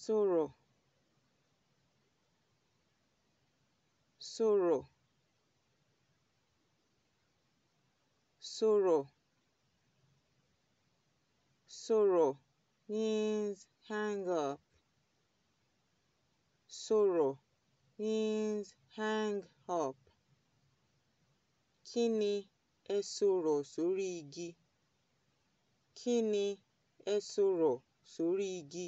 Sorrow, sorrow, sorrow, sorrow means hang up. Sorrow means hang up. Kini ni ẹ sọ̀rọ̀ sórí igi? Kí ni ẹ sọ̀rọ̀ sórí igi?